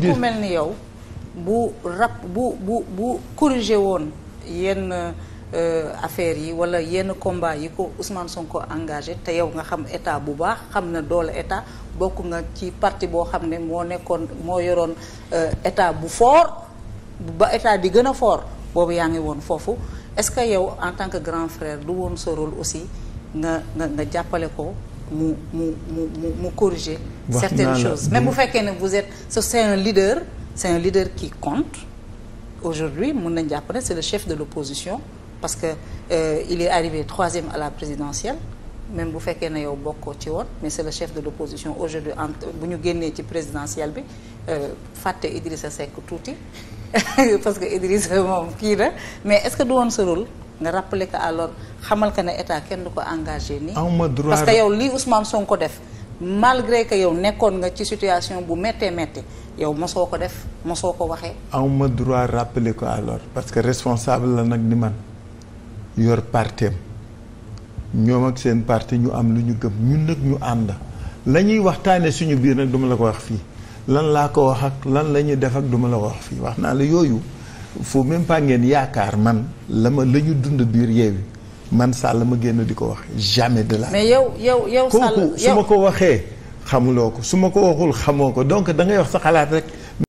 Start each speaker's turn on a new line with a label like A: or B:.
A: ku mel ni yow bu rap bu bu bu corrigé woon yenn euh, affaires yi wala yenn combat yi ko Ousmane Sonko engagé te yow nga xam état bu baax xam na doole état bokk nga ci parti boo xam ne moo nekkoon moo yoroon euh, état bu foor ba état di gën a fort boobu yaa ngi woon foofu est-ce que yow en tant que grand frère du woon sa rôle aussi nga nga nga jàppale ko. mu mu mu mu mu corriger certaines choses même bu fekkee ne vous êtes so c'est un leader c'est un leader qui compte aujourd'hui mun nañ jàpp ne c'est le chef de l'opposition parce que euh, il est arrivé troisième à la présidentielle même bu fekkee ne yow bokkoo ci woon mais c'est le chef de l'opposition aujourd'hui en bu ñu génnee ci présidentielle bi euh, fàtte Idrissa Seck tuuti parce que Idrissa moom kii na mais est-ce que du woon sa rôle nga rappeler ko alors xamal que ne état kenn du ko engagé nii. parce que yow lii Ousmane ko def malgré que yow nekkoon nga ci situation bu méttee métti yow mosoo ko def mosoo ko waxee.
B: awma droit rappeler ko alors parce que responsable la nag ni man yor parteem ñoom ak seen parti ñu am lu ñu gëm ñun nag ñu ànd la ñuy waxtaanee suñu biir nag duma la ko wax fii lan laa ko wax ak lan la ñuy def ak duma la ko wax fii wax naa la yooyu. faut même pas ngeen yaakaar man la ma la ñu dund biir yeewi man la ma génn di ko wax jamais de la. mais
A: yow yow yow Sall su ma
B: ko waxee xamuloo ko su ma ko waxul xamoo ko donc da ngay wax sa xalaat rek.